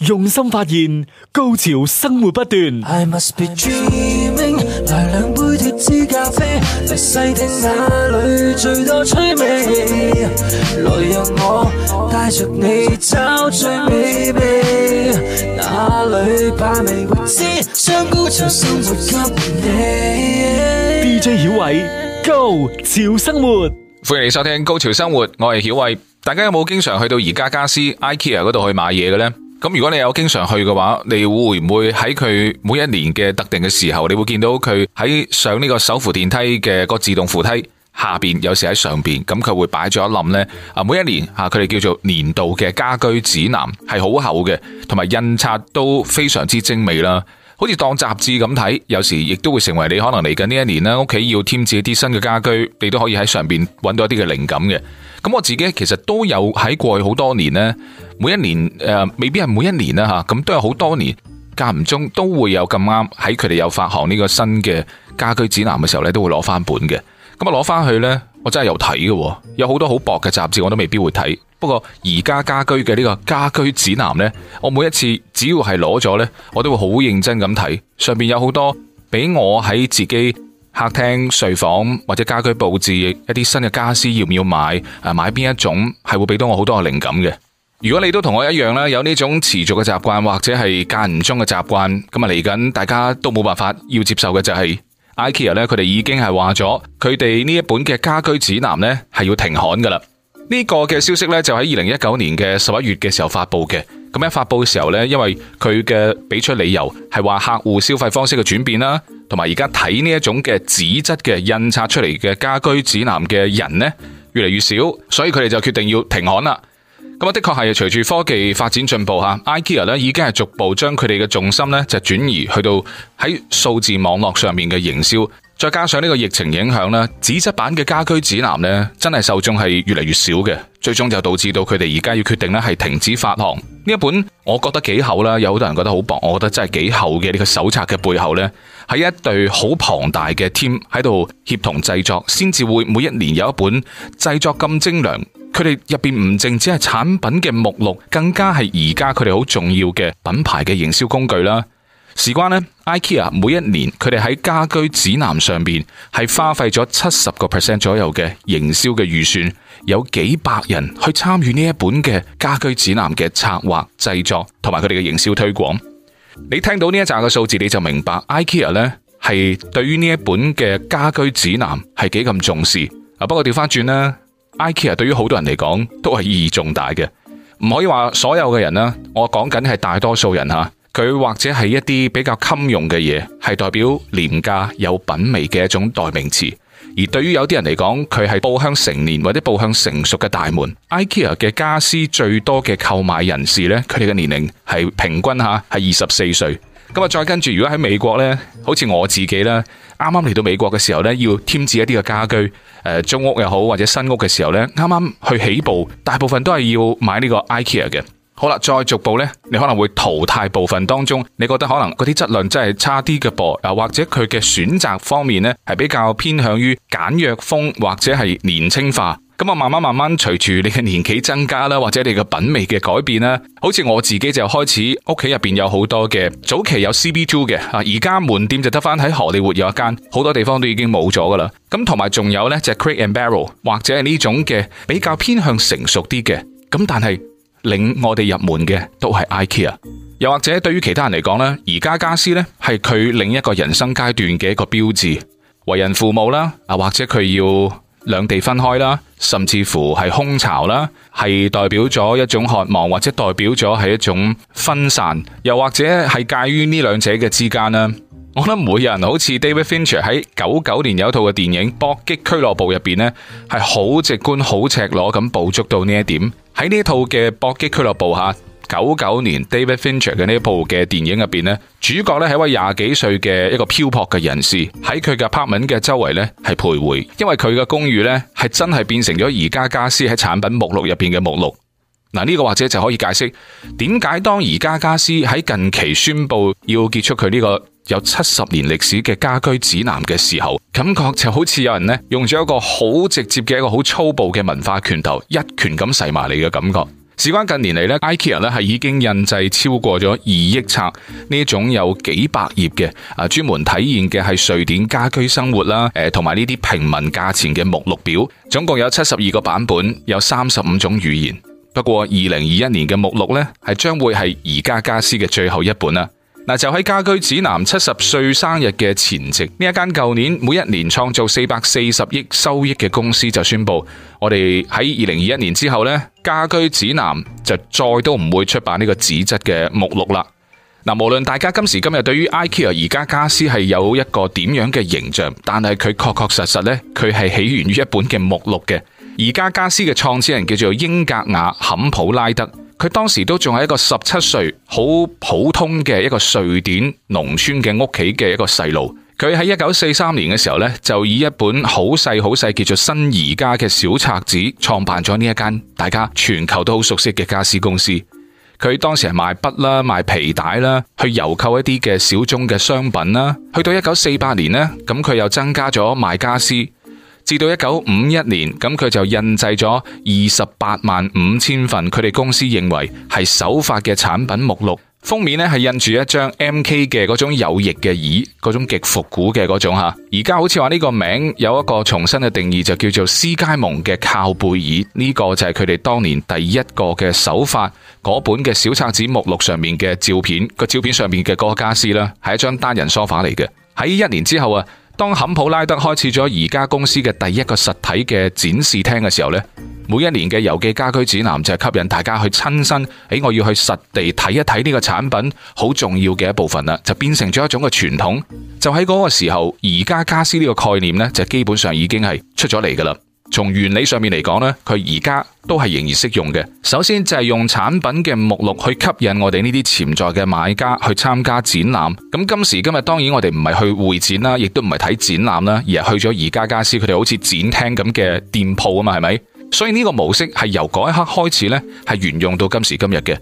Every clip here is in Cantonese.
用心發現，高潮生活不斷。I must be dreaming，來兩杯脫脂咖啡，細聽那裏最多趣味。來讓我帶着你找最美味，Baby, 哪裏把味未知，將高潮生活給你。DJ 曉偉，Go，潮生活，歡迎收聽《高潮生活》，我係曉偉，大家有冇經常去到宜家家私、IKEA 嗰度去買嘢嘅咧？咁如果你有經常去嘅話，你會唔會喺佢每一年嘅特定嘅時候，你會見到佢喺上呢個手扶電梯嘅個自動扶梯下邊，有時喺上邊，咁佢會擺咗一冧呢。啊！每一年吓，佢哋叫做年度嘅家居指南，係好厚嘅，同埋印刷都非常之精美啦。好似當雜誌咁睇，有時亦都會成為你可能嚟緊呢一年咧，屋企要添置一啲新嘅家居，你都可以喺上面揾到一啲嘅靈感嘅。咁我自己其實都有喺過去好多年呢，每一年誒、呃，未必係每一年啦吓，咁、啊、都有好多年間唔中都會有咁啱喺佢哋有發行呢個新嘅家居指南嘅時候呢，都會攞翻本嘅。咁啊，攞翻去呢，我真係有睇嘅，有好多好薄嘅雜誌，我都未必會睇。不過宜家家居嘅呢個家居指南呢，我每一次只要係攞咗呢，我都會好認真咁睇，上邊有好多俾我喺自己客廳、睡房或者家居布置一啲新嘅家私，要唔要買？誒，買邊一種係會俾到我好多嘅靈感嘅。如果你都同我一樣啦，有呢種持續嘅習慣，或者係間唔中嘅習慣，咁啊嚟緊大家都冇辦法要接受嘅就係 IKEA 呢，佢哋已經係話咗，佢哋呢一本嘅家居指南呢係要停刊噶啦。呢個嘅消息咧就喺二零一九年嘅十一月嘅時候發布嘅，咁喺發布嘅時候咧，因為佢嘅俾出理由係話客戶消費方式嘅轉變啦，同埋而家睇呢一種嘅紙質嘅印刷出嚟嘅家居指南嘅人呢，越嚟越少，所以佢哋就決定要停刊啦。咁啊的確係隨住科技發展進步吓，IKEA 咧已經係逐步將佢哋嘅重心咧就轉移去到喺數字網絡上面嘅營銷。再加上呢個疫情影響呢，紙質版嘅家居指南呢真係受眾係越嚟越少嘅，最終就導致到佢哋而家要決定呢係停止發行呢一本。我覺得幾厚啦，有好多人覺得好薄，我覺得真係幾厚嘅呢個手冊嘅背後呢，係一隊好龐大嘅 team 喺度協同製作，先至會每一年有一本製作咁精良。佢哋入邊唔淨只係產品嘅目錄，更加係而家佢哋好重要嘅品牌嘅營銷工具啦。事關呢 IKEA 每一年佢哋喺家居指南上邊係花費咗七十個 percent 左右嘅營銷嘅預算，有幾百人去參與呢一本嘅家居指南嘅策劃、製作同埋佢哋嘅營銷推廣。你聽到呢一扎嘅數字，你就明白 IKEA 呢係對於呢一本嘅家居指南係幾咁重視。啊，不過調翻轉咧，IKEA 對於好多人嚟講都係意義重大嘅，唔可以話所有嘅人啦。我講緊係大多數人吓。佢或者係一啲比較襟用嘅嘢，係代表廉價有品味嘅一種代名詞。而對於有啲人嚟講，佢係步向成年或者步向成熟嘅大門。IKEA 嘅家私最多嘅購買人士呢，佢哋嘅年齡係平均吓係二十四歲。咁啊，再跟住如果喺美國呢，好似我自己呢，啱啱嚟到美國嘅時候呢，要添置一啲嘅家居，誒，租屋又好或者新屋嘅時候呢，啱啱去起步，大部分都係要買呢個 IKEA 嘅。好啦，再逐步咧，你可能會淘汰部分當中，你覺得可能嗰啲質量真係差啲嘅噃，啊或者佢嘅選擇方面咧係比較偏向於簡約風或者係年輕化。咁啊，慢慢慢慢隨住你嘅年紀增加啦，或者你嘅品味嘅改變啦，好似我自己就開始屋企入邊有好多嘅早期有 CB2 嘅啊，而家門店就得翻喺荷里活有一間，好多地方都已經冇咗噶啦。咁同埋仲有咧就 Creek and Barrel 或者係呢種嘅比較偏向成熟啲嘅，咁但係。領我哋入門嘅都係 IKEA，又或者對於其他人嚟講咧，而家家私咧係佢另一個人生階段嘅一個標誌，為人父母啦，啊或者佢要兩地分開啦，甚至乎係空巢啦，係代表咗一種渴望，或者代表咗係一種分散，又或者係介於呢兩者嘅之間啦。我諗每人好似 David Fincher 喺九九年有一套嘅電影《搏擊俱樂部》入邊咧，係好直觀、好赤裸咁捕捉到呢一點。喺呢套嘅搏擊俱樂部吓，九九年 David Fincher 嘅呢部嘅電影入邊咧，主角咧係一位廿幾歲嘅一個漂泊嘅人士，喺佢嘅拍文嘅周圍咧係徘徊，因為佢嘅公寓咧係真係變成咗宜家家私喺產品目錄入邊嘅目錄。嗱、這、呢個或者就可以解釋點解當宜家家私喺近期宣佈要結束佢呢、這個。有七十年歷史嘅家居指南嘅時候，感覺就好似有人咧用咗一個好直接嘅一個好粗暴嘅文化拳頭，一拳咁噬埋你嘅感覺。事關近年嚟呢 IKEA 咧係已經印製超過咗二億冊呢種有幾百頁嘅啊專門體驗嘅係瑞典家居生活啦，誒同埋呢啲平民價錢嘅目錄表，總共有七十二個版本，有三十五種語言。不過二零二一年嘅目錄呢，係將會係宜家家私嘅最後一本啦。嗱，就喺家居指南七十歲生日嘅前夕，呢一間舊年每一年創造四百四十億收益嘅公司就宣布，我哋喺二零二一年之後呢，家居指南就再都唔會出版呢個紙質嘅目錄啦。嗱，無論大家今時今日對於 IKEA 宜家家私係有一個點樣嘅形象，但係佢確確實實呢，佢係起源於一本嘅目錄嘅。宜家家私嘅創始人叫做英格瓦坎普拉德。佢當時都仲係一個十七歲好普通嘅一個瑞典農村嘅屋企嘅一個細路，佢喺一九四三年嘅時候咧，就以一本好細好細叫做《新宜家》嘅小冊子創辦咗呢一間大家全球都好熟悉嘅家私公司。佢當時係賣筆啦、賣皮帶啦、去郵購一啲嘅小眾嘅商品啦。去到一九四八年咧，咁佢又增加咗賣家私。至到一九五一年，咁佢就印製咗二十八萬五千份，佢哋公司認為係首發嘅產品目錄。封面呢係印住一張 MK 嘅嗰種有翼嘅椅，嗰種極復古嘅嗰種吓。而家好似話呢個名有一個重新嘅定義，就叫做斯嘉蒙嘅靠背椅。呢、這個就係佢哋當年第一個嘅首發嗰本嘅小冊子目錄上面嘅照片。個照片上面嘅個家私啦，係一張單人梳化嚟嘅。喺一年之後啊。當坎普拉德開始咗宜家公司嘅第一個實體嘅展示廳嘅時候呢，每一年嘅遊記家居指南就係吸引大家去親身，誒、哎、我要去實地睇一睇呢個產品，好重要嘅一部分啦，就變成咗一種嘅傳統。就喺嗰個時候，宜家家私呢個概念呢，就基本上已經係出咗嚟噶啦。從原理上面嚟講呢，佢而家都係仍然適用嘅。首先就係用產品嘅目錄去吸引我哋呢啲潛在嘅買家去參加展覽。咁今時今日，當然我哋唔係去會展啦，亦都唔係睇展覽啦，而係去咗宜家家私佢哋好似展廳咁嘅店鋪啊嘛，係咪？所以呢個模式係由嗰一刻開始呢，係沿用到今時今日嘅。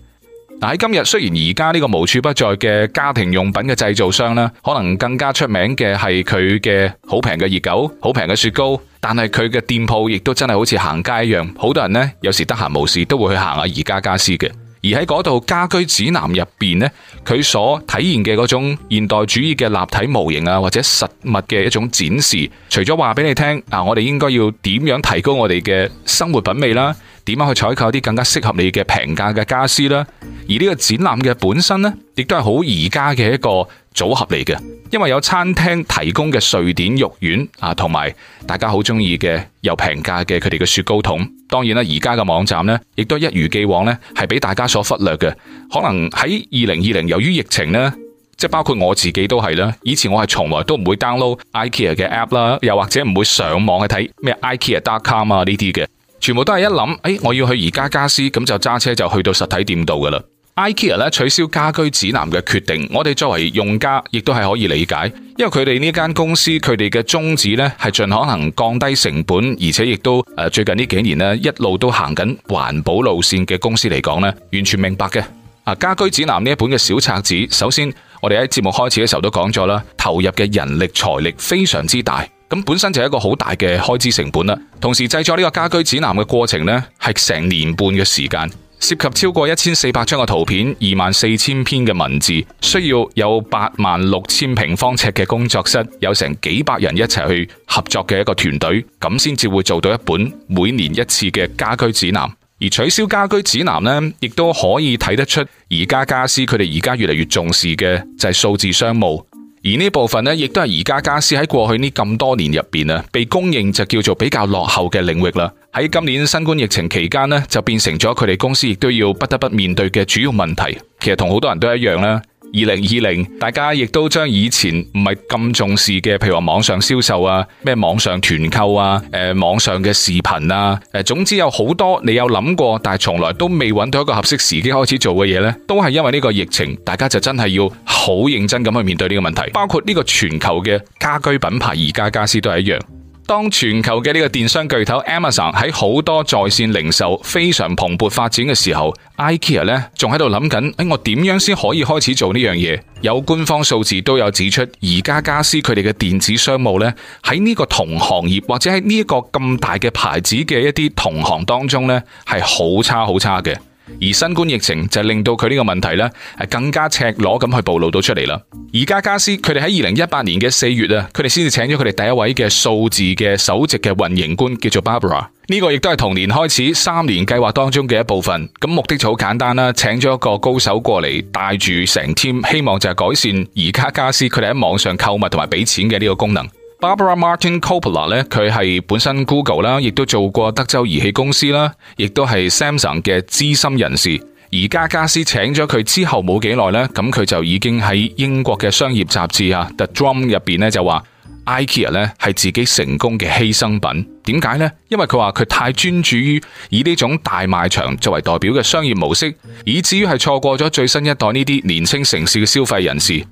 喺今日，雖然而家呢個無處不在嘅家庭用品嘅製造商咧，可能更加出名嘅係佢嘅好平嘅熱狗、好平嘅雪糕，但係佢嘅店鋪亦都真係好似行街一樣，好多人呢，有時得閒無事都會去行下宜家家私嘅。而喺嗰度家居指南入邊呢，佢所體現嘅嗰種現代主義嘅立體模型啊，或者實物嘅一種展示，除咗話俾你聽啊，我哋應該要點樣提高我哋嘅生活品味啦，點樣去採購一啲更加適合你嘅平價嘅家私啦，而呢個展覽嘅本身呢，亦都係好宜家嘅一個組合嚟嘅，因為有餐廳提供嘅瑞典肉丸啊，同埋大家好中意嘅又平價嘅佢哋嘅雪糕桶。當然啦，而家嘅網站咧，亦都一如既往咧，係俾大家所忽略嘅。可能喺二零二零，由於疫情咧，即係包括我自己都係啦。以前我係從來都唔會 download IKEA 嘅 app 啦，又或者唔會上網去睇咩 IKEA.com 啊呢啲嘅，全部都係一諗，誒、哎，我要去宜家家私，咁就揸車就去到實體店度噶啦。IKEA 咧，取消家居指南嘅決定，我哋作為用家亦都係可以理解，因為佢哋呢間公司佢哋嘅宗旨咧，係盡可能降低成本，而且亦都誒，最近呢幾年咧，一路都行緊環保路線嘅公司嚟講咧，完全明白嘅。啊，家居指南呢一本嘅小冊子，首先我哋喺節目開始嘅時候都講咗啦，投入嘅人力財力非常之大，咁本身就係一個好大嘅開支成本啦。同時製作呢個家居指南嘅過程咧，係成年半嘅時間。涉及超過一千四百張嘅圖片，二萬四千篇嘅文字，需要有八萬六千平方尺嘅工作室，有成幾百人一齊去合作嘅一個團隊，咁先至會做到一本每年一次嘅家居指南。而取消家居指南呢，亦都可以睇得出，宜家家私佢哋而家越嚟越重視嘅就係數字商務。而呢部分呢，亦都係宜家家私喺過去呢咁多年入面啊，被公認就叫做比較落後嘅領域啦。喺今年新冠疫情期間呢，就變成咗佢哋公司亦都要不得不面對嘅主要問題。其實同好多人都一樣啦。二零二零，2020，大家亦都將以前唔係咁重視嘅，譬如話網上銷售啊，咩網上團購啊，誒、呃、網上嘅視頻啊，誒、呃、總之有好多你有諗過，但係從來都未揾到一個合適時機開始做嘅嘢咧，都係因為呢個疫情，大家就真係要好認真咁去面對呢個問題，包括呢個全球嘅家居品牌宜家家私都係一樣。當全球嘅呢個電商巨頭 Amazon 喺好多在綫零售非常蓬勃發展嘅時候，IKEA 咧仲喺度諗緊，誒、哎、我點樣先可以開始做呢樣嘢？有官方數字都有指出，宜家家私佢哋嘅電子商務呢，喺呢個同行業或者喺呢一個咁大嘅牌子嘅一啲同行當中呢，係好差好差嘅。而新冠疫情就令到佢呢個問題呢係更加赤裸咁去暴露到出嚟啦。宜家家私佢哋喺二零一八年嘅四月啊，佢哋先至請咗佢哋第一位嘅數字嘅首席嘅運營官，叫做 Barbara。呢個亦都係同年開始三年計劃當中嘅一部分。咁目的就好簡單啦，請咗一個高手過嚟帶住成 team，希望就係改善宜家家私佢哋喺網上購物同埋俾錢嘅呢個功能。Barbara Martin Coppola 咧，佢係本身 Google 啦，亦都做過德州儀器公司啦，亦都係 Samsung 嘅資深人士。而家家私請咗佢之後冇幾耐咧，咁佢就已經喺英國嘅商業雜誌啊 The Drum 入邊咧就話 IKEA 咧係自己成功嘅犧牲品。點解呢？因為佢話佢太專注於以呢種大賣場作為代表嘅商業模式，以至於係錯過咗最新一代呢啲年輕城市嘅消費人士。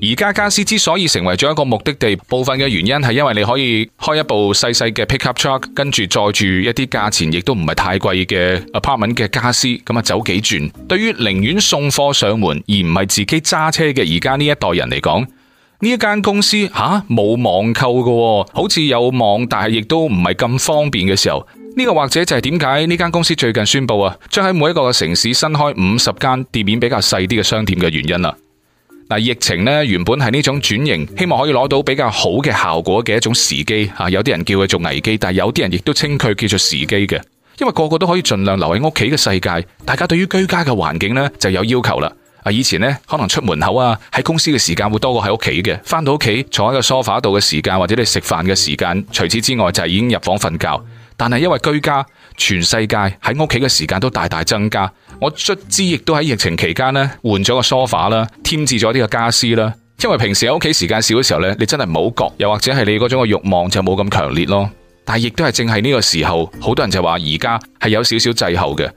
而家家私之所以成為咗一個目的地，部分嘅原因係因為你可以開一部細細嘅 pickup truck，跟住載住一啲價錢亦都唔係太貴嘅 apartment 嘅家私，咁啊走幾轉。對於寧願送貨上門而唔係自己揸車嘅而家呢一代人嚟講，呢間公司吓冇、啊、網購嘅，好似有網但係亦都唔係咁方便嘅時候，呢、這個或者就係點解呢間公司最近宣布啊，將喺每一個城市新開五十間店面比較細啲嘅商店嘅原因啦。嗱，疫情咧原本係呢種轉型，希望可以攞到比較好嘅效果嘅一種時機啊！有啲人叫佢做危機，但係有啲人亦都稱佢叫做時機嘅，因為個個都可以盡量留喺屋企嘅世界。大家對於居家嘅環境咧就有要求啦。啊，以前咧可能出門口啊，喺公司嘅時間會多過喺屋企嘅，返到屋企坐喺個梳化度嘅時間，或者你食飯嘅時間，除此之外就係已經入房瞓覺。但係因為居家，全世界喺屋企嘅時間都大大增加，我卒之亦都喺疫情期間咧換咗個梳化啦，添置咗呢個家私啦。因為平時喺屋企時間少嘅時候咧，你真係唔好覺，又或者係你嗰種嘅欲望就冇咁強烈咯。但係亦都係正係呢個時候，好多人就話而家係有少少滯後嘅。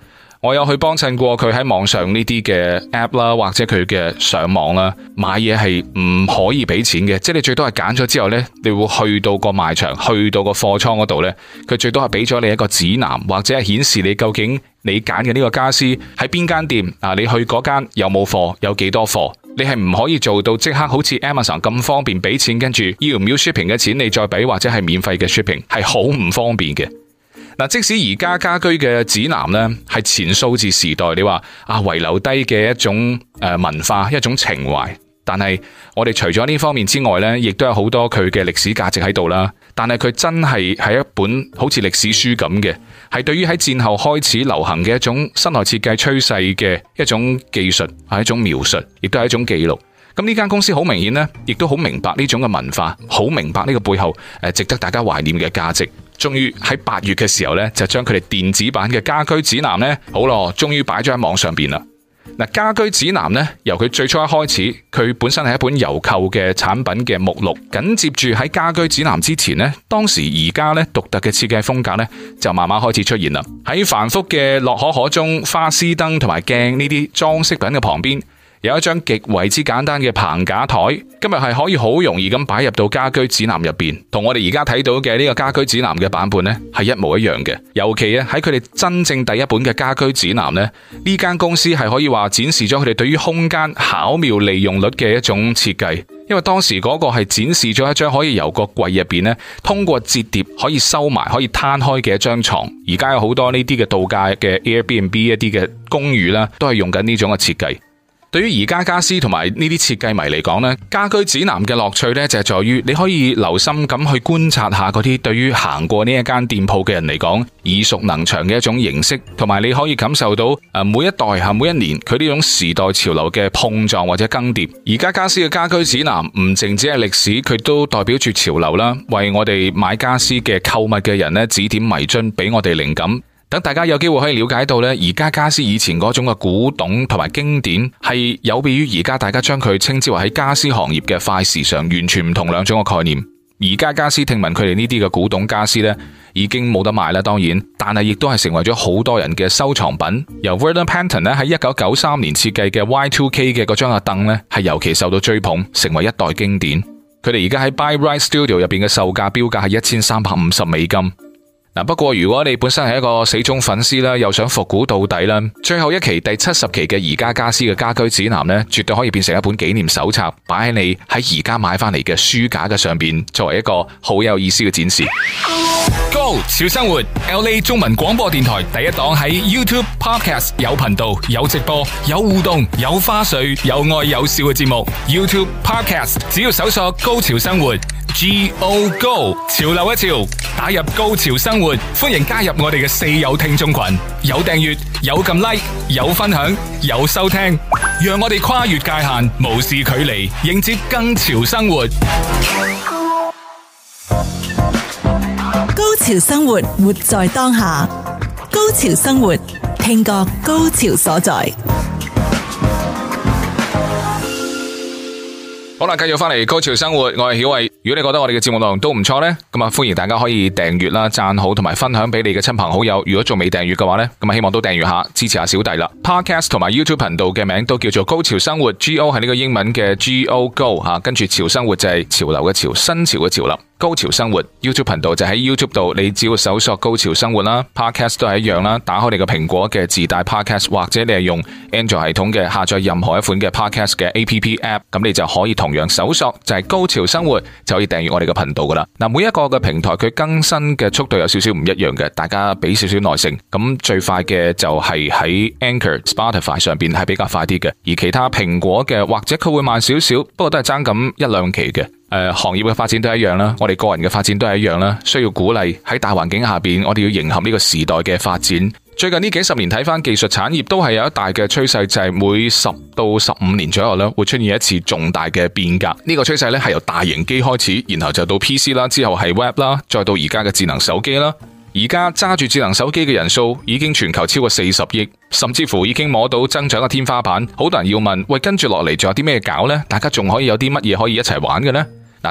我有去幫襯過佢喺網上呢啲嘅 app 啦，或者佢嘅上網啦，買嘢係唔可以俾錢嘅，即係你最多係揀咗之後呢，你會去到個賣場，去到個貨倉嗰度呢，佢最多係俾咗你一個指南，或者係顯示你究竟你揀嘅呢個家私喺邊間店，嗱你去嗰間有冇貨，有幾多貨，你係唔可以做到即刻好似 Amazon 咁方便俾錢，跟住要唔要 shipping 嘅錢你再俾，或者係免費嘅 shipping 係好唔方便嘅。嗱，即使而家家居嘅指南呢，係前數字時代，你話啊，遺留低嘅一種誒文化，一種情懷，但係我哋除咗呢方面之外呢，亦都有好多佢嘅歷史價值喺度啦。但係佢真係係一本好似歷史書咁嘅，係對於喺戰後開始流行嘅一種室內設計趨勢嘅一種技術，係一種描述，亦都係一種記錄。咁呢間公司好明顯呢，亦都好明白呢種嘅文化，好明白呢個背後值得大家懷念嘅價值。終於喺八月嘅時候呢，就將佢哋電子版嘅家居指南呢，好咯，終於擺咗喺網上邊啦。嗱，家居指南呢，由佢最初一開始，佢本身係一本郵購嘅產品嘅目錄。緊接住喺家居指南之前呢，當時而家呢獨特嘅設計風格呢，就慢慢開始出現啦。喺繁複嘅洛可可中，花絲燈同埋鏡呢啲裝飾品嘅旁邊。有一張極為之簡單嘅棚架台，今日係可以好容易咁擺入到家居指南入邊，同我哋而家睇到嘅呢個家居指南嘅版本呢，係一模一樣嘅。尤其啊喺佢哋真正第一本嘅家居指南呢，呢間公司係可以話展示咗佢哋對於空間巧妙利用率嘅一種設計。因為當時嗰個係展示咗一張可以由個櫃入邊呢，通過摺疊可以收埋可以攤開嘅一張床。而家有好多呢啲嘅度假嘅 Airbnb 一啲嘅公寓啦，都係用緊呢種嘅設計。對於宜家家私同埋呢啲設計迷嚟講呢，家居指南嘅樂趣呢，就係在於，你可以留心咁去觀察下嗰啲對於行過呢一間店鋪嘅人嚟講耳熟能詳嘅一種形式，同埋你可以感受到誒每一代吓每一年佢呢種時代潮流嘅碰撞或者更迭。宜家家私嘅家居指南唔淨止係歷史，佢都代表住潮流啦，為我哋買家私嘅購物嘅人呢，指點迷津，俾我哋靈感。等大家有機會可以了解到咧，而家家私以前嗰種嘅古董同埋經典，係有別於而家大家將佢稱之為喺家私行業嘅快時尚，完全唔同兩種嘅概念。而家家私聽聞佢哋呢啲嘅古董家私呢，已經冇得賣啦。當然，但係亦都係成為咗好多人嘅收藏品。由 Verner Panton 咧喺一九九三年設計嘅 Y2K 嘅嗰張凳呢，咧，係尤其受到追捧，成為一代經典。佢哋而家喺 Buy Right Studio 入邊嘅售價標價係一千三百五十美金。嗱，不過如果你本身係一個死忠粉絲啦，又想復古到底啦，最後一期第七十期嘅宜家家私嘅家居指南咧，絕對可以變成一本紀念手冊，擺喺你喺宜家買翻嚟嘅書架嘅上邊，作為一個好有意思嘅展示。Go，潮生活，LA 中文廣播電台第一檔喺 YouTube podcast 有頻道、有直播、有互動、有花絮、有愛有笑嘅節目。YouTube podcast 只要搜索《高潮生活》，Go Go，潮流一潮，打入高潮生活。歡迎加入我哋嘅四友聽眾群，有訂閱，有撳 like，有分享，有收聽，讓我哋跨越界限，無視距離，迎接更潮生活。高潮生活，活在當下。高潮生活，聽覺高潮所在。好啦，繼續翻嚟高潮生活，我係曉慧。如果你覺得我哋嘅節目內容都唔錯呢，咁啊，歡迎大家可以訂閱啦、讚好同埋分享俾你嘅親朋好友。如果仲未訂閱嘅話呢，咁啊，希望都訂閱下，支持下小弟啦。Podcast 同埋 YouTube 頻道嘅名都叫做《高潮生活》，G O 係呢個英文嘅 G O Go 吓，跟住潮生活就係潮流嘅潮，新潮嘅潮啦。高潮生活 YouTube 頻道就喺 YouTube 度，你只要搜索高潮生活啦，Podcast 都係一樣啦。打開你個蘋果嘅自帶 Podcast，或者你係用 Android 系統嘅下載任何一款嘅 Podcast 嘅 APP，咁你就可以同樣搜索就係，高潮生活就可以訂閱我哋個頻道噶啦。嗱，每一個嘅平台佢更新嘅速度有少少唔一樣嘅，大家俾少少耐性。咁最快嘅就係喺 Anchor、Spotify 上邊係比較快啲嘅，而其他蘋果嘅或者佢會慢少少，不過都係爭咁一兩期嘅。呃、行業嘅發展都一樣啦，我哋個人嘅發展都係一樣啦，需要鼓勵喺大環境下邊，我哋要迎合呢個時代嘅發展。最近呢幾十年睇翻技術產業，都係有一大嘅趨勢，就係、是、每十到十五年左右啦，會出現一次重大嘅變革。呢、這個趨勢咧係由大型機開始，然後就到 PC 啦，之後係 Web 啦，再到而家嘅智能手機啦。而家揸住智能手機嘅人數已經全球超過四十億，甚至乎已經摸到增長嘅天花板。好多人要問，喂，跟住落嚟仲有啲咩搞呢？大家仲可以有啲乜嘢可以一齊玩嘅呢？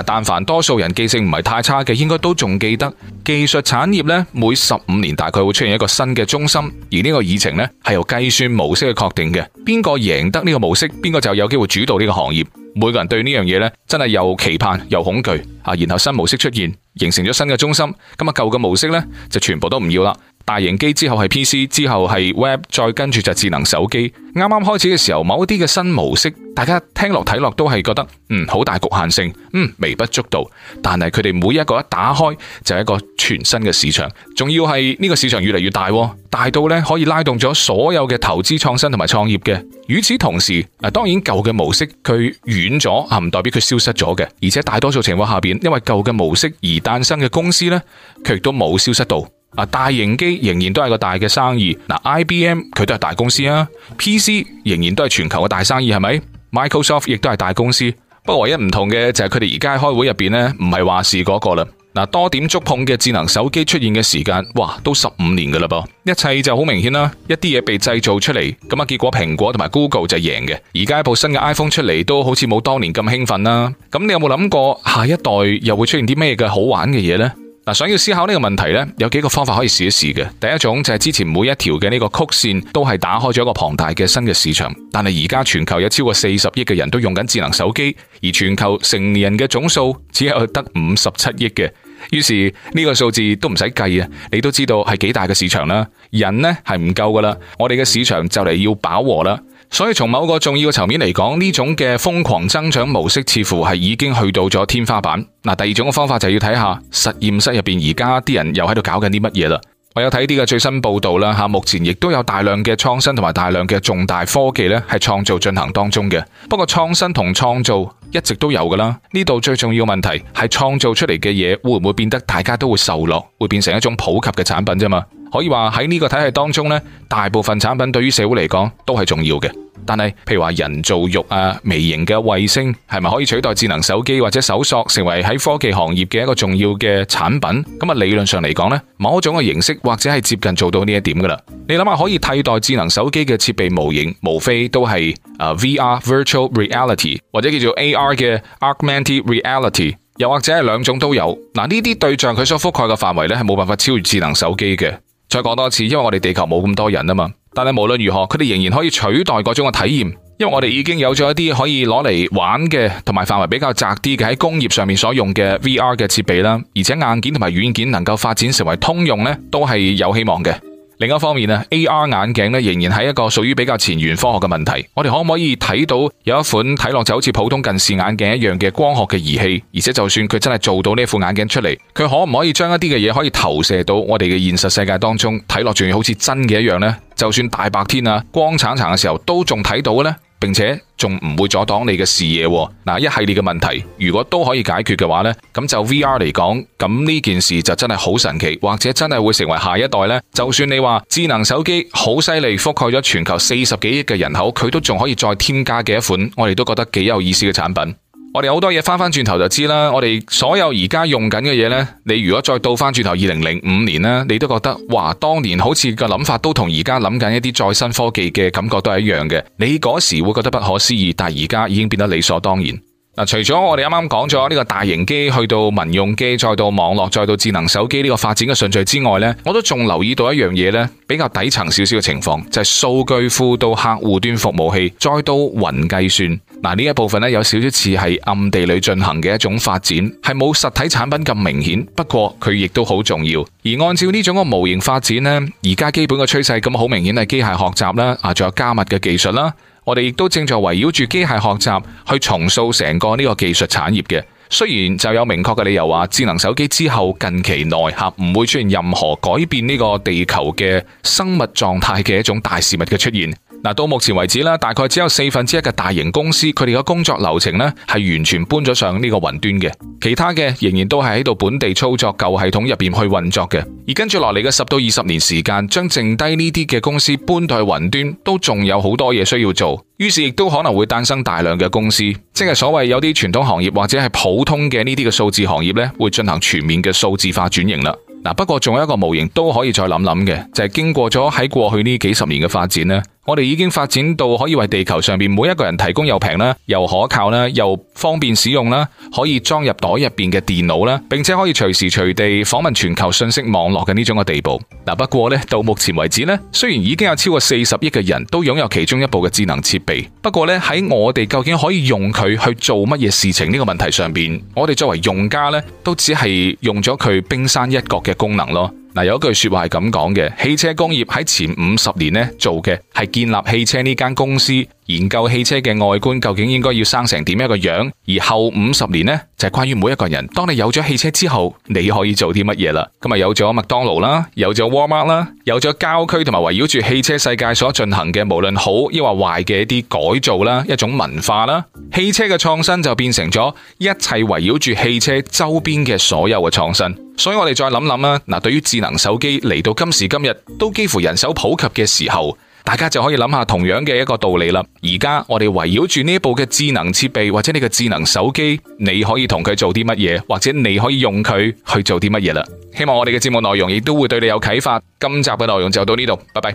但凡多數人記性唔係太差嘅，應該都仲記得技術產業咧，每十五年大概會出現一個新嘅中心，而呢個議程咧係由計算模式去確定嘅。邊個贏得呢個模式，邊個就有機會主導呢個行業。每個人對呢樣嘢真係又期盼又恐懼啊！然後新模式出現，形成咗新嘅中心，咁啊舊嘅模式呢，就全部都唔要啦。大型機之後係 PC，之後係 Web，再跟住就智能手機。啱啱開始嘅時候，某一啲嘅新模式，大家聽落睇落都係覺得，嗯，好大局限性，嗯，微不足道。但係佢哋每一個一打開就係一個全新嘅市場，仲要係呢個市場越嚟越大，大到呢可以拉動咗所有嘅投資創新同埋創業嘅。與此同時，啊，當然舊嘅模式佢遠咗啊，唔代表佢消失咗嘅。而且大多數情況下邊，因為舊嘅模式而誕生嘅公司呢，佢亦都冇消失到。大型機仍然都係個大嘅生意。嗱，IBM 佢都係大公司啊，PC 仍然都係全球嘅大生意，係咪？Microsoft 亦都係大公司。不過唯一唔同嘅就係佢哋而家開會入邊咧，唔係話事嗰個啦。嗱，多點觸碰嘅智能手機出現嘅時間，哇，都十五年噶啦噃。一切就好明顯啦，一啲嘢被製造出嚟，咁啊，結果蘋果同埋 Google 就係贏嘅。而家一部新嘅 iPhone 出嚟，都好似冇當年咁興奮啦。咁你有冇諗過下一代又會出現啲咩嘅好玩嘅嘢呢？想要思考呢個問題呢，有幾個方法可以試一試嘅。第一種就係之前每一條嘅呢個曲線都係打開咗一個龐大嘅新嘅市場，但係而家全球有超過四十億嘅人都用緊智能手機，而全球成年人嘅總數只有得五十七億嘅，於是呢、這個數字都唔使計啊，你都知道係幾大嘅市場啦。人呢係唔夠㗎喇，我哋嘅市場就嚟要飽和啦。所以從某個重要嘅層面嚟講，呢種嘅瘋狂增長模式似乎係已經去到咗天花板。嗱，第二種嘅方法就要睇下實驗室入邊而家啲人又喺度搞緊啲乜嘢啦。我有睇啲嘅最新報道啦，吓目前亦都有大量嘅創新同埋大量嘅重大科技咧係創造進行當中嘅。不過創新同創造一直都有噶啦。呢度最重要問題係創造出嚟嘅嘢會唔會變得大家都會受落，會變成一種普及嘅產品啫嘛。可以話喺呢個體系當中咧，大部分產品對於社會嚟講都係重要嘅。但係，譬如話人造肉啊、微型嘅衛星，係咪可以取代智能手機或者搜索，成為喺科技行業嘅一個重要嘅產品？咁、嗯、啊，理論上嚟講呢，某一種嘅形式或者係接近做到呢一點噶啦。你諗下，可以替代智能手機嘅設備模型，無非都係、uh, VR（Virtual Reality） 或者叫做 AR 嘅 （Augmented Reality），又或者係兩種都有。嗱、嗯，呢啲對象佢所覆蓋嘅範圍呢，係冇辦法超越智能手機嘅。再講多次，因為我哋地球冇咁多人啊嘛。但係無論如何，佢哋仍然可以取代嗰種嘅體驗，因為我哋已經有咗一啲可以攞嚟玩嘅，同埋範圍比較窄啲嘅喺工業上面所用嘅 VR 嘅設備啦，而且硬件同埋軟件能夠發展成為通用呢，都係有希望嘅。另一方面 AR 眼鏡咧仍然係一個屬於比較前沿科學嘅問題。我哋可唔可以睇到有一款睇落就好似普通近視眼鏡一樣嘅光學嘅儀器？而且就算佢真係做到呢副眼鏡出嚟，佢可唔可以將一啲嘅嘢可以投射到我哋嘅現實世界當中，睇落仲好似真嘅一樣呢？就算大白天啊，光燦燦嘅時候都仲睇到嘅咧？並且仲唔會阻擋你嘅視野喎。嗱，一系列嘅問題如果都可以解決嘅話呢，咁就 VR 嚟講，咁呢件事就真係好神奇，或者真係會成為下一代呢。就算你話智能手機好犀利，覆蓋咗全球四十幾億嘅人口，佢都仲可以再添加嘅一款，我哋都覺得幾有意思嘅產品。我哋好多嘢翻翻轉頭就知啦，我哋所有而家用緊嘅嘢呢，你如果再倒翻轉頭二零零五年呢，你都覺得哇，當年好似個諗法都同而家諗緊一啲再生科技嘅感覺都係一樣嘅。你嗰時會覺得不可思議，但係而家已經變得理所當然。嗱，除咗我哋啱啱講咗呢個大型機去到民用機，再到網絡，再到智能手機呢個發展嘅順序之外呢，我都仲留意到一樣嘢呢，比較底層少少嘅情況就係數據庫到客戶端服務器，再到雲計算。嗱，呢一部分咧，有少少似係暗地裏進行嘅一種發展，係冇實體產品咁明顯，不過佢亦都好重要。而按照呢種個模型發展呢，而家基本嘅趨勢咁好明顯係機械學習啦，啊，仲有加密嘅技術啦，我哋亦都正在圍繞住機械學習去重塑成個呢個技術產業嘅。雖然就有明確嘅理由話，智能手機之後近期內合唔會出現任何改變呢個地球嘅生物狀態嘅一種大事物嘅出現。嗱，到目前為止啦，大概只有四分之一嘅大型公司，佢哋嘅工作流程咧，係完全搬咗上呢個雲端嘅，其他嘅仍然都係喺度本地操作舊系統入面去運作嘅。而跟住落嚟嘅十到二十年時間，將剩低呢啲嘅公司搬到去雲端，都仲有好多嘢需要做。於是亦都可能會誕生大量嘅公司，即係所謂有啲傳統行業或者係普通嘅呢啲嘅數字行業咧，會進行全面嘅數字化轉型啦。嗱，不過仲有一個模型都可以再諗諗嘅，就係經過咗喺過去呢幾十年嘅發展咧。我哋已經發展到可以為地球上邊每一個人提供又平啦、又可靠啦、又方便使用啦、可以裝入袋入邊嘅電腦啦，並且可以隨時隨地訪問全球信息網絡嘅呢種嘅地步。嗱，不過咧，到目前為止咧，雖然已經有超過四十億嘅人都擁有其中一部嘅智能設備，不過咧喺我哋究竟可以用佢去做乜嘢事情呢個問題上邊，我哋作為用家咧，都只係用咗佢冰山一角嘅功能咯。有一句說話係咁講嘅，汽車工業喺前五十年呢做嘅係建立汽車呢間公司，研究汽車嘅外觀究竟應該要生成點樣一個樣；而後五十年呢就係關於每一個人，當你有咗汽車之後，你可以做啲乜嘢啦？今日有咗麥當勞啦，有咗 Walmart 啦，有咗郊區，同埋圍繞住汽車世界所進行嘅無論好抑或壞嘅一啲改造啦，一種文化啦，汽車嘅創新就變成咗一切圍繞住汽車周邊嘅所有嘅創新。所以我哋再諗諗啦，嗱，對於智能手機嚟到今時今日，都幾乎人手普及嘅時候，大家就可以諗下同樣嘅一個道理啦。而家我哋圍繞住呢一部嘅智能設備或者呢個智能手機，你可以同佢做啲乜嘢，或者你可以用佢去做啲乜嘢啦。希望我哋嘅節目內容亦都會對你有啟發。今集嘅內容就到呢度，拜拜。